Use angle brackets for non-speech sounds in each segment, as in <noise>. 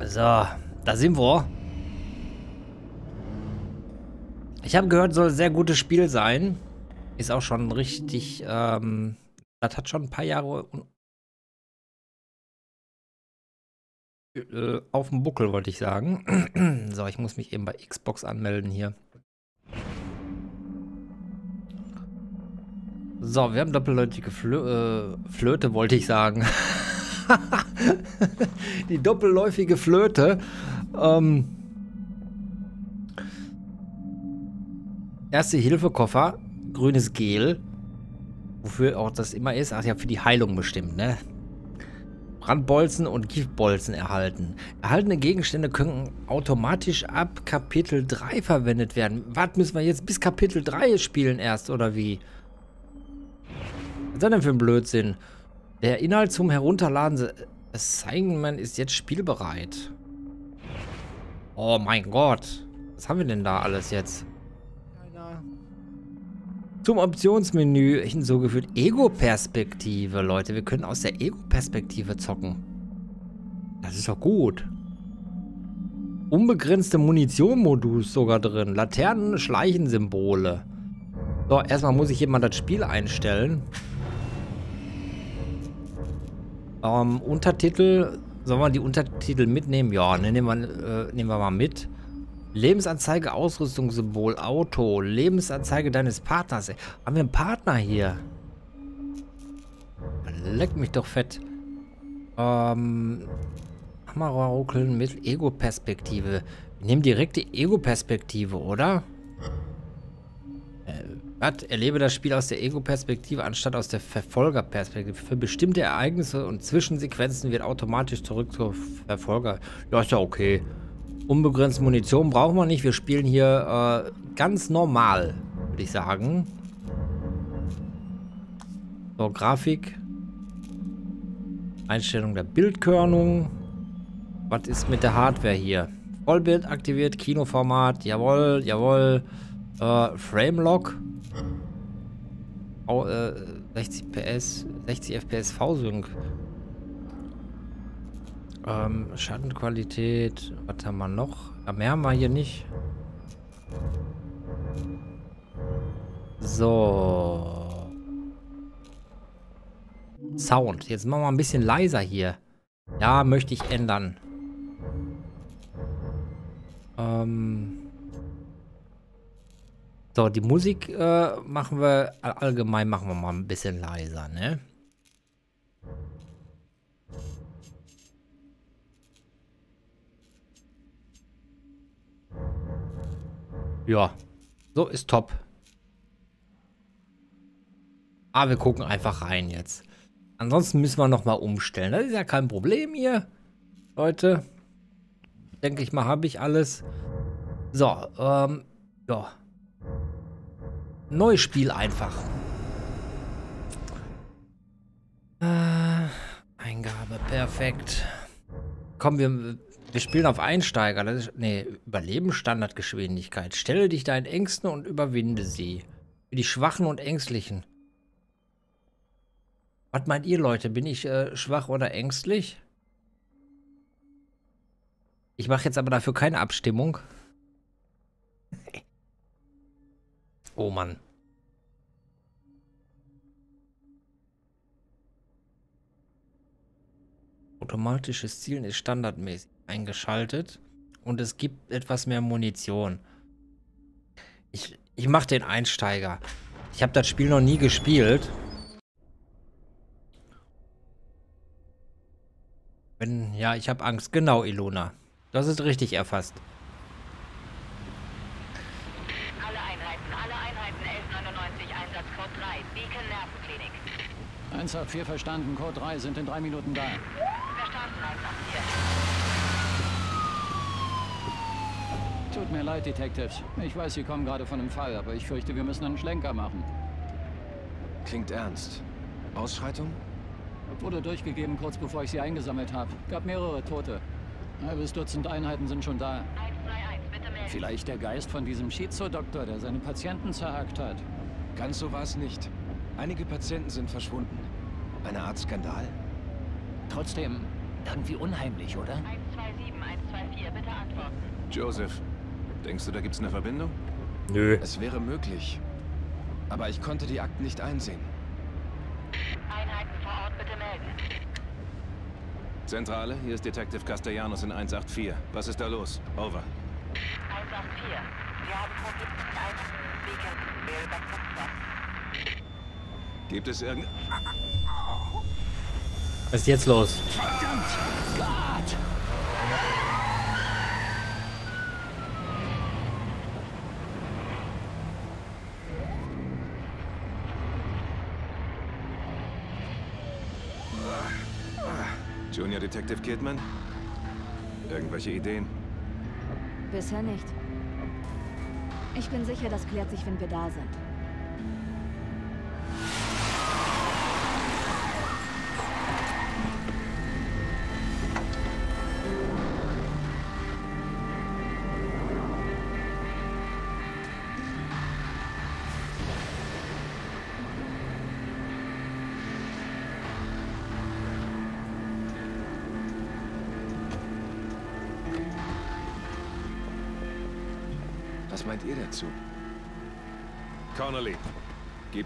So, da sind wir. Ich habe gehört, soll ein sehr gutes Spiel sein. Ist auch schon richtig, ähm, das hat schon ein paar Jahre äh, auf dem Buckel, wollte ich sagen. <clears throat> so, ich muss mich eben bei Xbox anmelden hier. So, wir haben doppeldeutige Flö äh, Flöte, wollte ich sagen. <laughs> <laughs> die doppelläufige Flöte. Ähm, erste Hilfekoffer, grünes Gel. Wofür auch das immer ist. Ach ja, für die Heilung bestimmt, ne? Brandbolzen und Giftbolzen erhalten. Erhaltene Gegenstände können automatisch ab Kapitel 3 verwendet werden. Was müssen wir jetzt bis Kapitel 3 spielen erst, oder wie? Was ist das denn für ein Blödsinn? Der Inhalt zum Herunterladen Assignment ist jetzt spielbereit. Oh mein Gott. Was haben wir denn da alles jetzt? Keiner. Zum Optionsmenü hinzugefügt Ego-Perspektive, Leute. Wir können aus der Ego-Perspektive zocken. Das ist doch gut. Unbegrenzte Munition-Modus sogar drin. Laternen-Schleichensymbole. So, erstmal muss ich hier mal das Spiel einstellen. Ähm, Untertitel, sollen wir die Untertitel mitnehmen? Ja, ne, nehmen, wir, äh, nehmen wir mal mit. Lebensanzeige, Ausrüstungssymbol, Auto, Lebensanzeige deines Partners. Ey, haben wir einen Partner hier? Leck mich doch fett. Ähm, Hammerrokeln mit Ego-Perspektive. Wir nehmen direkt die Ego-Perspektive, oder? Ja. Watt erlebe das Spiel aus der Ego-Perspektive anstatt aus der Verfolger-Perspektive. Für bestimmte Ereignisse und Zwischensequenzen wird automatisch zurück zur Verfolger. Ja, ist ja okay. Unbegrenzt Munition brauchen wir nicht. Wir spielen hier äh, ganz normal, würde ich sagen. So, Grafik. Einstellung der Bildkörnung. Was ist mit der Hardware hier? Vollbild aktiviert, Kinoformat, jawohl, jawohl. Äh, Frame Lock äh, 60 PS, 60 FPS V-Sync. Ähm, Schattenqualität, was haben wir noch? Ja, Mehr haben wir hier nicht. So. Sound. Jetzt machen wir ein bisschen leiser hier. Ja, möchte ich ändern. Ähm... So, die Musik äh, machen wir allgemein machen wir mal ein bisschen leiser, ne? Ja, so ist top. Aber ah, wir gucken einfach rein jetzt. Ansonsten müssen wir nochmal umstellen. Das ist ja kein Problem hier, Leute. Denke ich mal, habe ich alles. So, ähm, ja. Neues Spiel einfach. Äh, Eingabe, perfekt. Komm, wir, wir spielen auf Einsteiger. Das ist, nee, Überleben Standardgeschwindigkeit. Stelle dich deinen Ängsten und überwinde sie. Für die Schwachen und Ängstlichen. Was meint ihr, Leute? Bin ich äh, schwach oder ängstlich? Ich mache jetzt aber dafür keine Abstimmung. <laughs> Oh Mann. Automatisches Zielen ist standardmäßig eingeschaltet und es gibt etwas mehr Munition. Ich, ich mache den Einsteiger. Ich habe das Spiel noch nie gespielt. Wenn, ja, ich habe Angst. Genau, Ilona. Das ist richtig erfasst. Alle Einheiten, alle Einheiten 1199, Einsatz Code 3, Beacon Nervenklinik. 1 hat 4 verstanden, Code 3 sind in drei Minuten da. Tut mir leid, Detectives. Ich weiß, Sie kommen gerade von einem Fall, aber ich fürchte, wir müssen einen Schlenker machen. Klingt ernst. Ausschreitung? Wurde durchgegeben, kurz bevor ich sie eingesammelt habe. Gab mehrere Tote. halbes Dutzend Einheiten sind schon da. 131, bitte melden. Vielleicht der Geist von diesem Schizo-Doktor, der seine Patienten zerhackt hat. Ganz so war es nicht. Einige Patienten sind verschwunden. Eine Art Skandal? Trotzdem, irgendwie unheimlich, oder? 127, 124, bitte antworten. Joseph, Denkst du, da gibt's eine Verbindung? Nö. Es wäre möglich. Aber ich konnte die Akten nicht einsehen. Einheiten vor Ort bitte melden. Zentrale, hier ist Detective Castellanos in 184. Was ist da los? Over. 184. Wir haben Problem Gibt es irgend... Was ist jetzt los? Verdammt! Gott! Junior Detective Kidman? Irgendwelche Ideen? Bisher nicht. Ich bin sicher, das klärt sich, wenn wir da sind.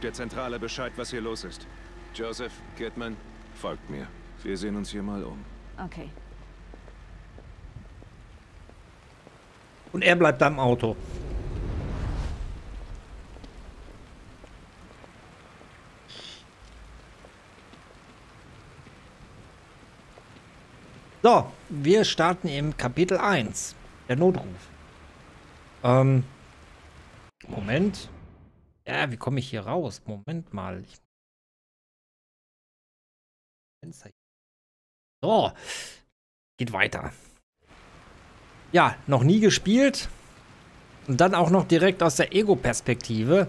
Gib der Zentrale Bescheid, was hier los ist. Joseph, Kidman, folgt mir. Wir sehen uns hier mal um. Okay. Und er bleibt am Auto. So, wir starten im Kapitel 1, der Notruf. Ähm, Moment. Ja, wie komme ich hier raus? Moment mal. Ich so, geht weiter. Ja, noch nie gespielt. Und dann auch noch direkt aus der Ego-Perspektive.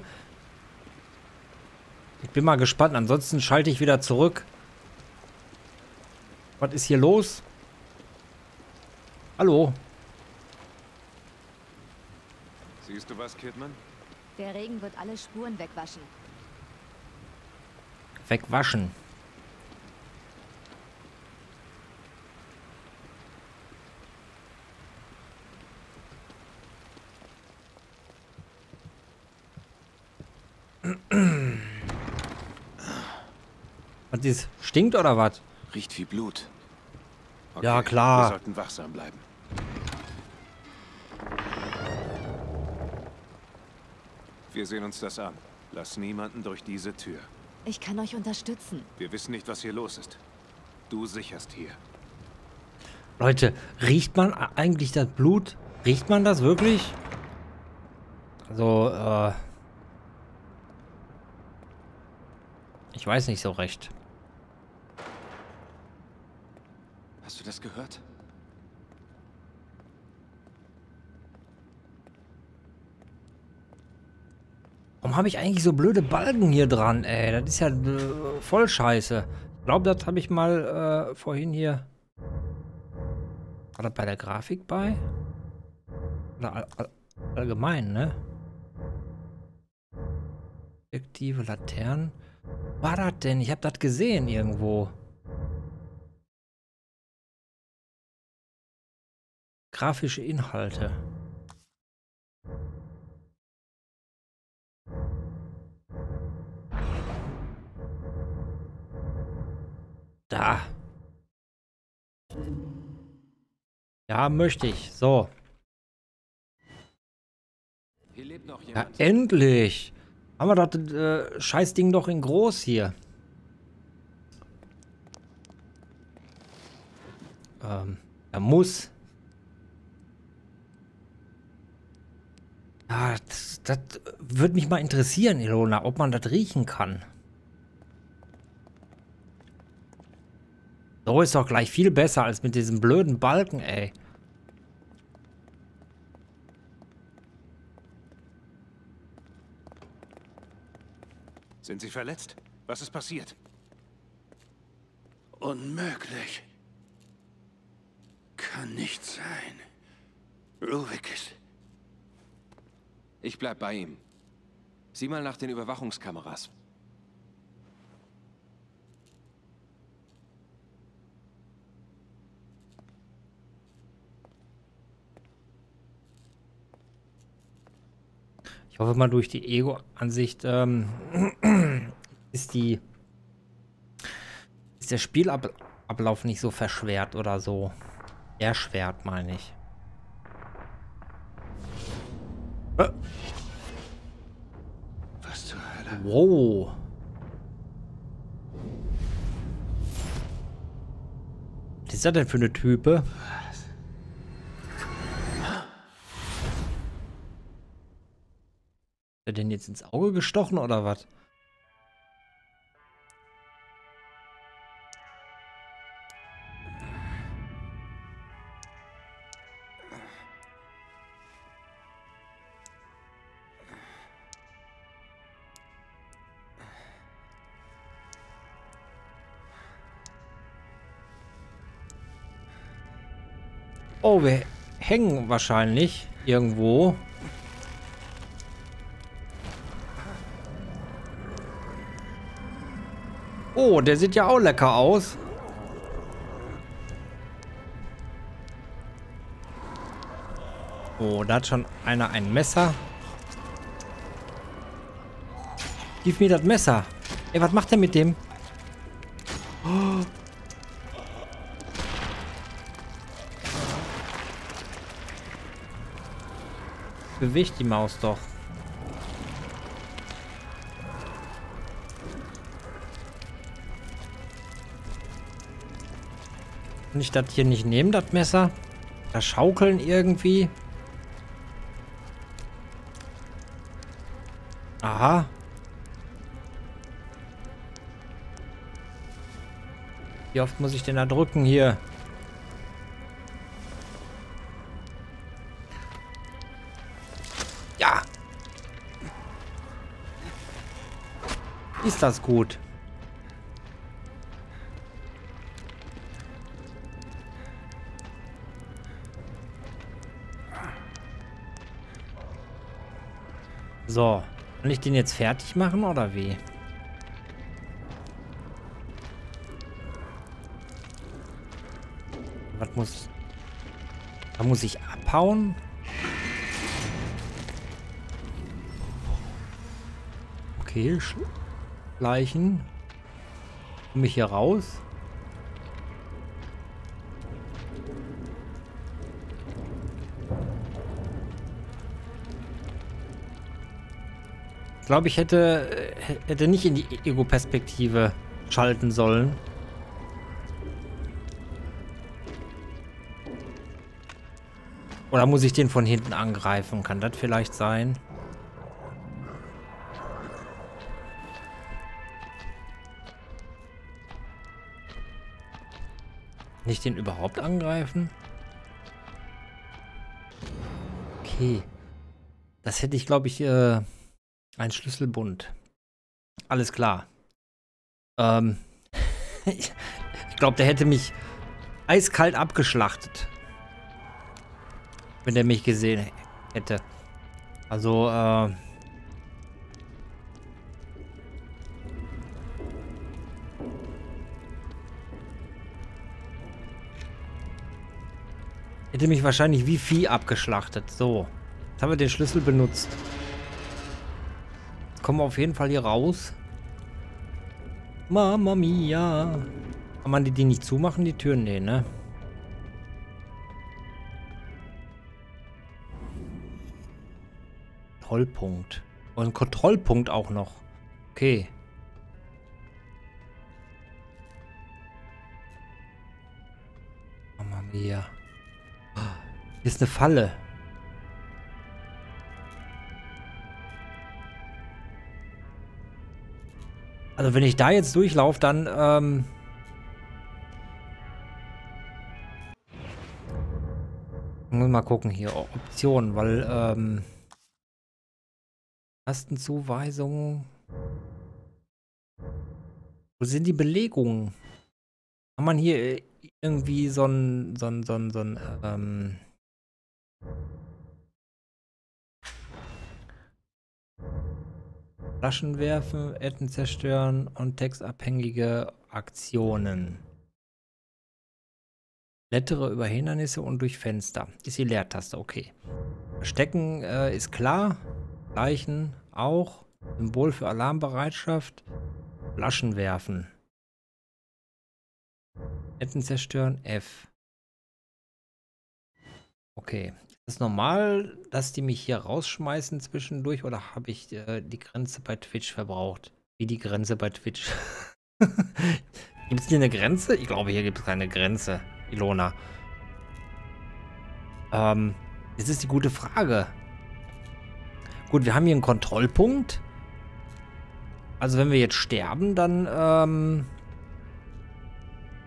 Ich bin mal gespannt. Ansonsten schalte ich wieder zurück. Was ist hier los? Hallo? Siehst du was, Kidman? Der Regen wird alle Spuren wegwaschen. Wegwaschen. <clears throat> was dies Stinkt oder was? Riecht wie Blut. Okay, ja, klar. Wir sollten wachsam bleiben. Wir sehen uns das an. Lass niemanden durch diese Tür. Ich kann euch unterstützen. Wir wissen nicht, was hier los ist. Du sicherst hier. Leute, riecht man eigentlich das Blut? Riecht man das wirklich? Also, äh... Ich weiß nicht so recht. Hast du das gehört? habe ich eigentlich so blöde Balken hier dran, ey? Das ist ja äh, voll scheiße. Ich glaube, das habe ich mal äh, vorhin hier... War das bei der Grafik bei? Oder all, all, allgemein, ne? Objektive Laternen. War das denn? Ich habe das gesehen irgendwo. Grafische Inhalte. Da. Ja, möchte ich. So. Ja, endlich. Haben wir das äh, Scheißding doch in groß hier. Ähm, er muss. Ja, ah, das, das äh, würde mich mal interessieren, Ilona, ob man das riechen kann. So oh, ist doch gleich viel besser als mit diesem blöden Balken, ey. Sind Sie verletzt? Was ist passiert? Unmöglich. Kann nicht sein. Ruvik ist... Ich bleib bei ihm. Sieh mal nach den Überwachungskameras. Ich hoffe mal, durch die Ego-Ansicht ähm, <clears throat> ist die ist der Spielablauf nicht so verschwert oder so erschwert, meine ich. Was zur Hölle? Wow. Was ist das denn für eine Type? er denn jetzt ins Auge gestochen oder was? Oh, wir hängen wahrscheinlich irgendwo. Oh, der sieht ja auch lecker aus. Oh, da hat schon einer ein Messer. Gib mir das Messer. Ey, was macht er mit dem? Oh. Bewegt die Maus doch. Kann ich das hier nicht nehmen, das Messer? Das schaukeln irgendwie? Aha. Wie oft muss ich denn da drücken hier? Ja. Ist das gut? So. Kann ich den jetzt fertig machen oder wie? Was muss... Da muss ich abhauen? Okay, Sch Leichen. Komme ich hier raus? glaube, ich hätte, äh, hätte nicht in die Ego-Perspektive schalten sollen. Oder muss ich den von hinten angreifen? Kann das vielleicht sein? Nicht den überhaupt angreifen? Okay. Das hätte ich, glaube ich, äh ein Schlüsselbund. Alles klar. Ähm, <laughs> ich glaube, der hätte mich eiskalt abgeschlachtet. Wenn er mich gesehen hätte. Also, äh... Hätte mich wahrscheinlich wie Vieh abgeschlachtet. So. Jetzt haben wir den Schlüssel benutzt kommen wir auf jeden Fall hier raus. Mama mia. Kann man die, die nicht zumachen, die Türen? Nee, ne? Kontrollpunkt. Und oh, ein Kontrollpunkt auch noch. Okay. Mama mia. Hier ist eine Falle. Also wenn ich da jetzt durchlaufe, dann... Ähm muss mal gucken hier. Optionen, weil... Ähm Tastenzuweisungen... Wo sind die Belegungen? Kann man hier äh, irgendwie so ein... So ein, so ein, so ein ähm Flaschen werfen, Etten zerstören und textabhängige Aktionen. Lettere über Hindernisse und durch Fenster. Ist die Leertaste, okay. Stecken äh, ist klar. Zeichen auch. Symbol für Alarmbereitschaft. Flaschen werfen. Etten zerstören, F. Okay. Ist es normal, dass die mich hier rausschmeißen zwischendurch oder habe ich äh, die Grenze bei Twitch verbraucht? Wie die Grenze bei Twitch? <laughs> gibt es hier eine Grenze? Ich glaube, hier gibt es keine Grenze, Ilona. Ähm, das ist die gute Frage. Gut, wir haben hier einen Kontrollpunkt. Also wenn wir jetzt sterben, dann, ähm,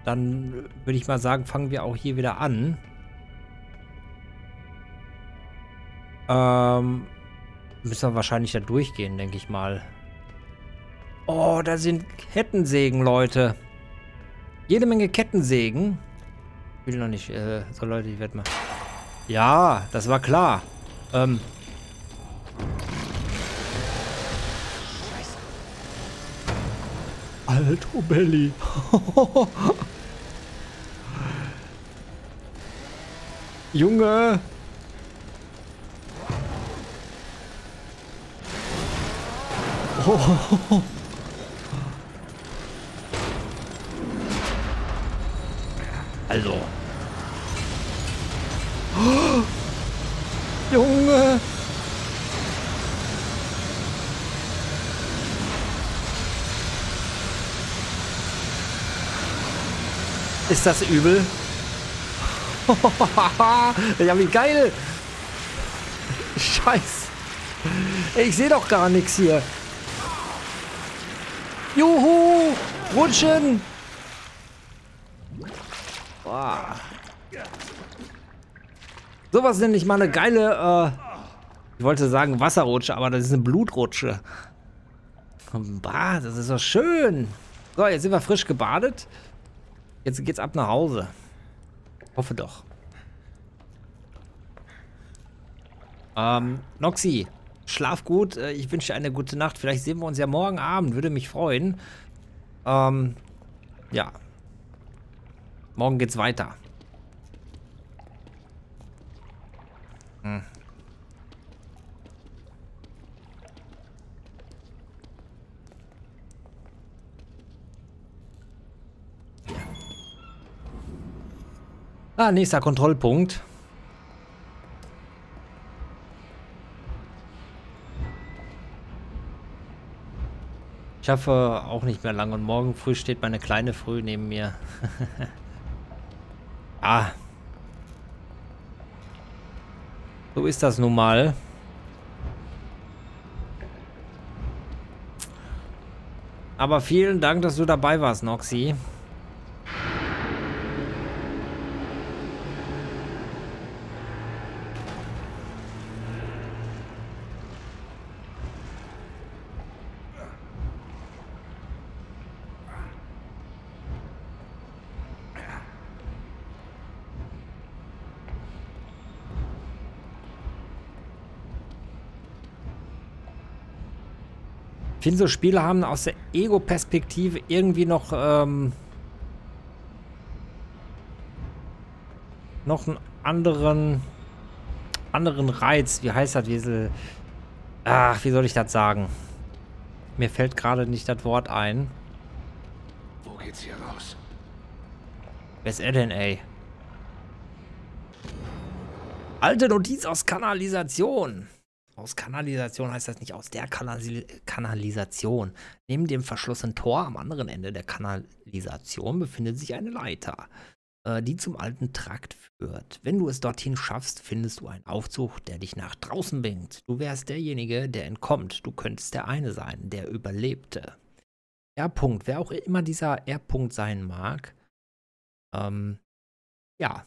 dann äh, würde ich mal sagen, fangen wir auch hier wieder an. Ähm, müssen wir wahrscheinlich da durchgehen, denke ich mal. Oh, da sind Kettensägen, Leute. Jede Menge Kettensägen. Ich will noch nicht. Äh, so, Leute, ich werde mal... Ja, das war klar. Ähm... Scheiße. Alto Belly. <laughs> Junge! Oh. <laughs> Also. Oh. <gasps> Junge. Ist das übel? <laughs> ja, wie geil! Scheiß! Ich sehe doch gar nichts hier. Juhu! Rutschen! Boah. Sowas nenne ich mal eine geile, äh, ich wollte sagen Wasserrutsche, aber das ist eine Blutrutsche. Bah, das ist doch schön. So, jetzt sind wir frisch gebadet. Jetzt geht's ab nach Hause. Hoffe doch. Ähm, Noxy, Schlaf gut. Äh, ich wünsche dir eine gute Nacht. Vielleicht sehen wir uns ja morgen Abend. Würde mich freuen. Ähm, ja. Morgen geht's weiter. Hm. Ah, nächster Kontrollpunkt. Ich hoffe auch nicht mehr lange und morgen früh steht meine kleine Früh neben mir. <laughs> ah. So ist das nun mal. Aber vielen Dank, dass du dabei warst, Noxy. Ich finde, so Spiele haben aus der Ego-Perspektive irgendwie noch, ähm, noch einen anderen, anderen Reiz. Wie heißt das, Wiesel? Ach, wie soll ich das sagen? Mir fällt gerade nicht das Wort ein. Wo geht's hier raus? Wer ist er denn, ey? Alte Notiz aus Kanalisation. Aus Kanalisation heißt das nicht aus der Kanal Kanalisation. Neben dem verschlossenen Tor am anderen Ende der Kanalisation befindet sich eine Leiter, äh, die zum alten Trakt führt. Wenn du es dorthin schaffst, findest du einen Aufzug, der dich nach draußen bringt. Du wärst derjenige, der entkommt. Du könntest der eine sein, der überlebte. R-Punkt, wer auch immer dieser R-Punkt sein mag, ähm, ja,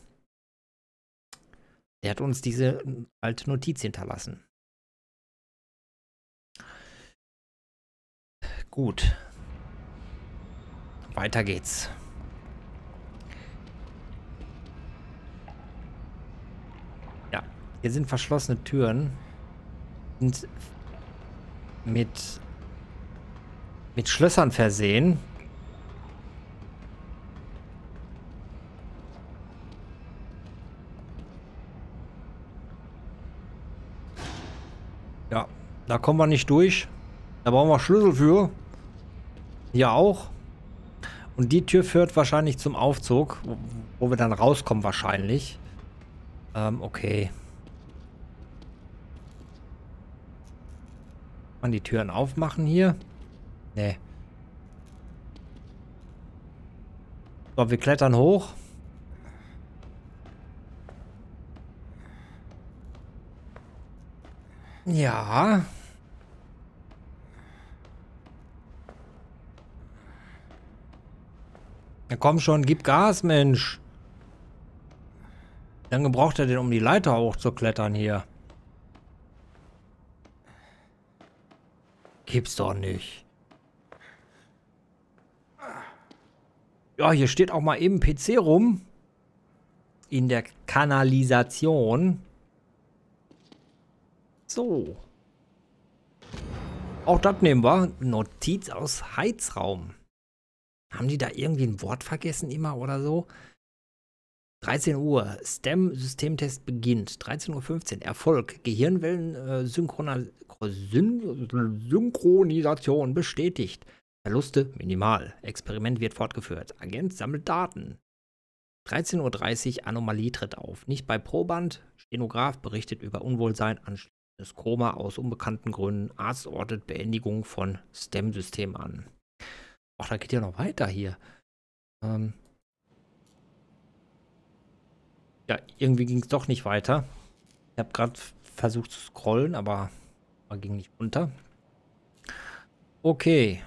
der hat uns diese alte Notiz hinterlassen. Gut. Weiter geht's. Ja, hier sind verschlossene Türen. Und mit, mit Schlössern versehen. Ja, da kommen wir nicht durch. Da brauchen wir Schlüssel für. Hier auch. Und die Tür führt wahrscheinlich zum Aufzug, wo, wir dann rauskommen wahrscheinlich. Ähm, okay. Kann man die Türen aufmachen hier? Nee. So, wir klettern hoch. Ja. Na komm schon, gib Gas, Mensch. Wie lange braucht er denn, um die Leiter hochzuklettern hier? Gibt's doch nicht. Ja, hier steht auch mal eben PC rum. In der Kanalisation. So. Auch das nehmen wir. Notiz aus Heizraum. Haben die da irgendwie ein Wort vergessen immer oder so? 13 Uhr, STEM-Systemtest beginnt. 13.15 Uhr, Erfolg. Gehirnwellen-Synchronisation äh, bestätigt. Verluste minimal. Experiment wird fortgeführt. Agent sammelt Daten. 13.30 Uhr, Anomalie tritt auf. Nicht bei Proband. Stenograf berichtet über Unwohlsein, anschließendes Koma aus unbekannten Gründen. Arzt ordnet Beendigung von STEM-System an. Ach, da geht ja noch weiter hier. Ähm ja, irgendwie ging es doch nicht weiter. Ich habe gerade versucht zu scrollen, aber man ging nicht runter. Okay.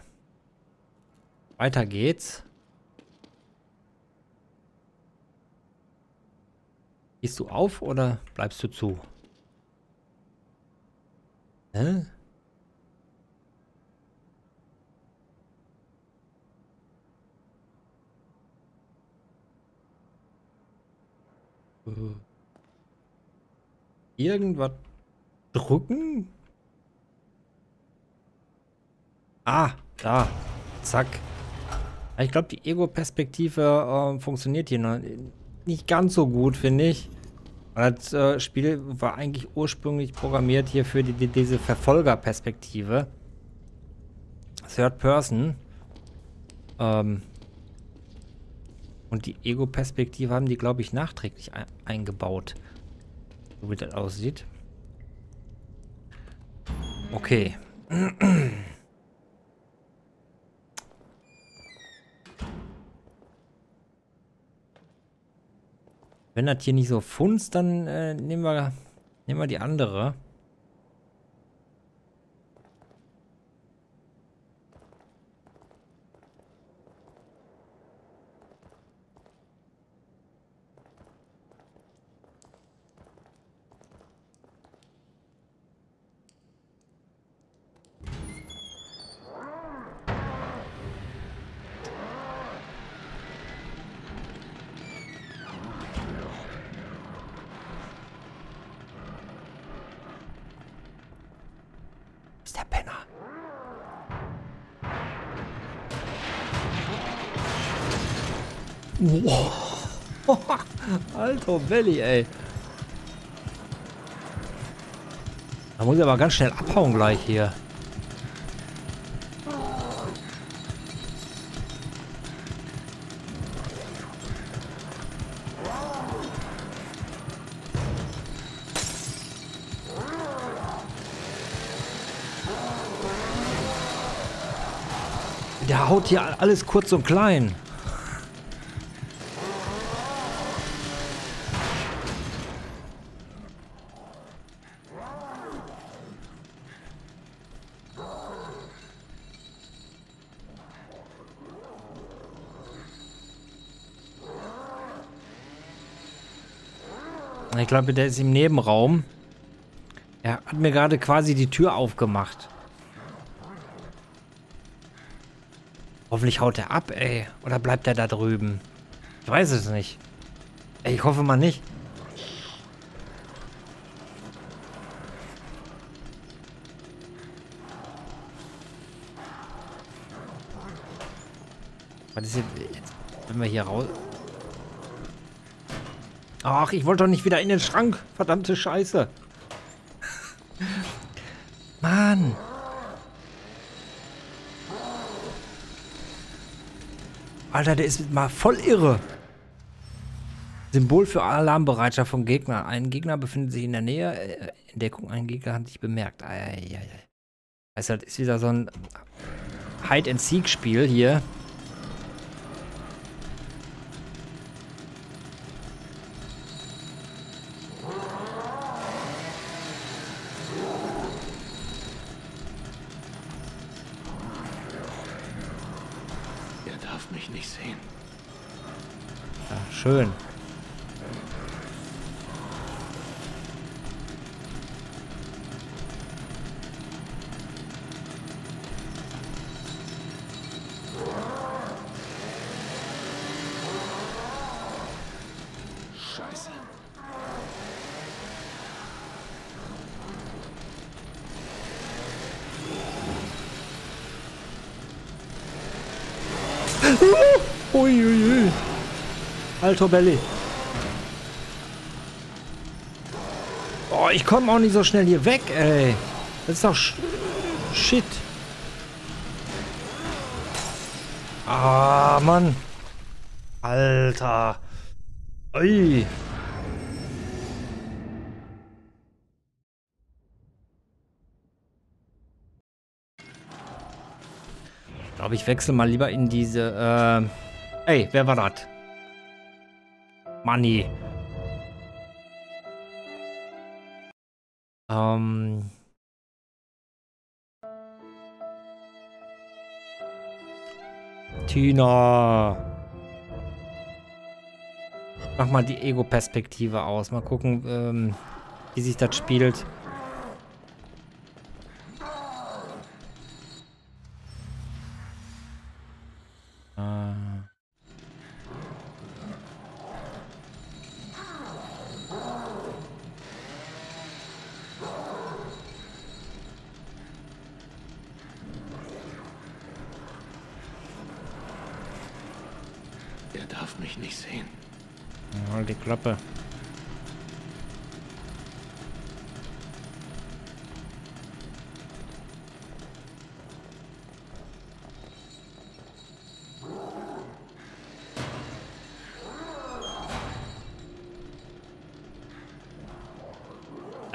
Weiter geht's. Gehst du auf oder bleibst du zu? Hä? Äh. Irgendwas drücken? Ah, da. Zack. Ah, ich glaube, die Ego-Perspektive äh, funktioniert hier noch nicht ganz so gut, finde ich. Das äh, Spiel war eigentlich ursprünglich programmiert hier für die, die, diese Verfolgerperspektive. Third Person. Ähm, und die Ego-Perspektive haben die, glaube ich, nachträglich ein eingebaut. So wie das aussieht. Okay. Wenn das hier nicht so funzt, dann äh, nehmen, wir, nehmen wir die andere. Valley, ey. Da muss ich aber ganz schnell abhauen gleich hier. Der haut hier alles kurz und klein. Ich glaube, der ist im Nebenraum. Er hat mir gerade quasi die Tür aufgemacht. Hoffentlich haut er ab, ey. Oder bleibt er da drüben? Ich weiß es nicht. Ey, ich hoffe mal nicht. Was ist jetzt, jetzt wenn wir hier raus... Ach, ich wollte doch nicht wieder in den Schrank. Verdammte Scheiße. Mann. Alter, der ist mal voll irre. Symbol für Alarmbereitschaft von Gegnern. Ein Gegner befindet sich in der Nähe. Äh, Entdeckung, ein Gegner hat sich bemerkt. Eieiei. Also das ist wieder so ein Hide-and-Seek-Spiel hier. schön. Scheiße. Alto Belli. Oh, ich komme auch nicht so schnell hier weg, ey. Das ist doch sh Shit. Ah, Mann. Alter. Ui. Ich glaube, ich wechsle mal lieber in diese... Äh... Ey, wer war das? Money. Ähm. Tina. Mach mal die Ego-Perspektive aus. Mal gucken, ähm, wie sich das spielt.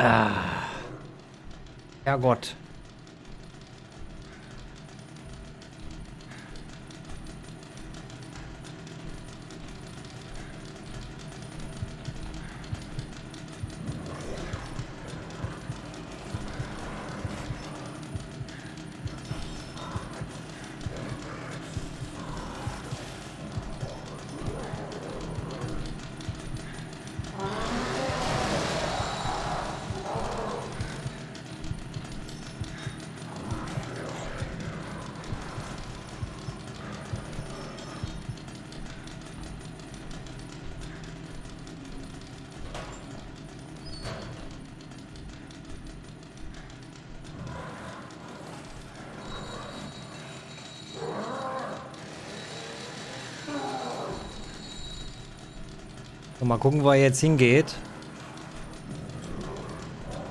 Ah. Herrgott. So, mal gucken, wo er jetzt hingeht.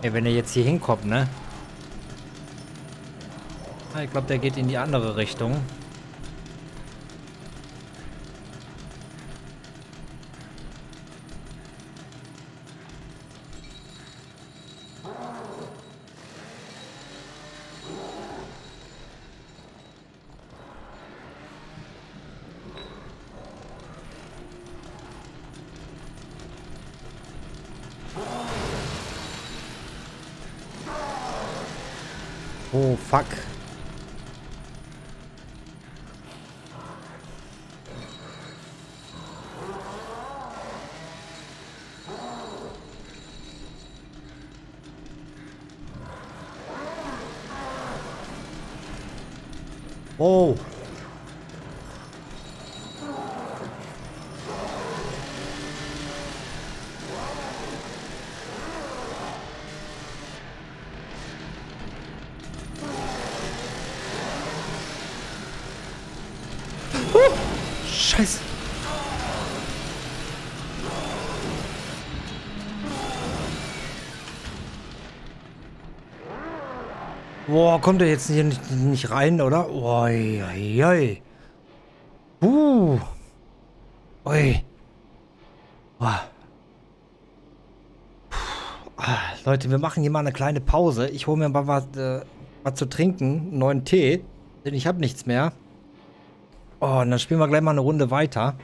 Ey, wenn er jetzt hier hinkommt, ne? Ah, ich glaube, der geht in die andere Richtung. Oh, Boah, kommt er jetzt hier nicht, nicht rein, oder? Oi, oi, oi. Uh. Oi. Boah. Ah, Leute, wir machen hier mal eine kleine Pause. Ich hole mir mal was, äh, was zu trinken, einen neuen Tee, denn ich habe nichts mehr. Oh, und dann spielen wir gleich mal eine Runde weiter.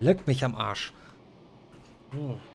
Leck mich am Arsch. Hm.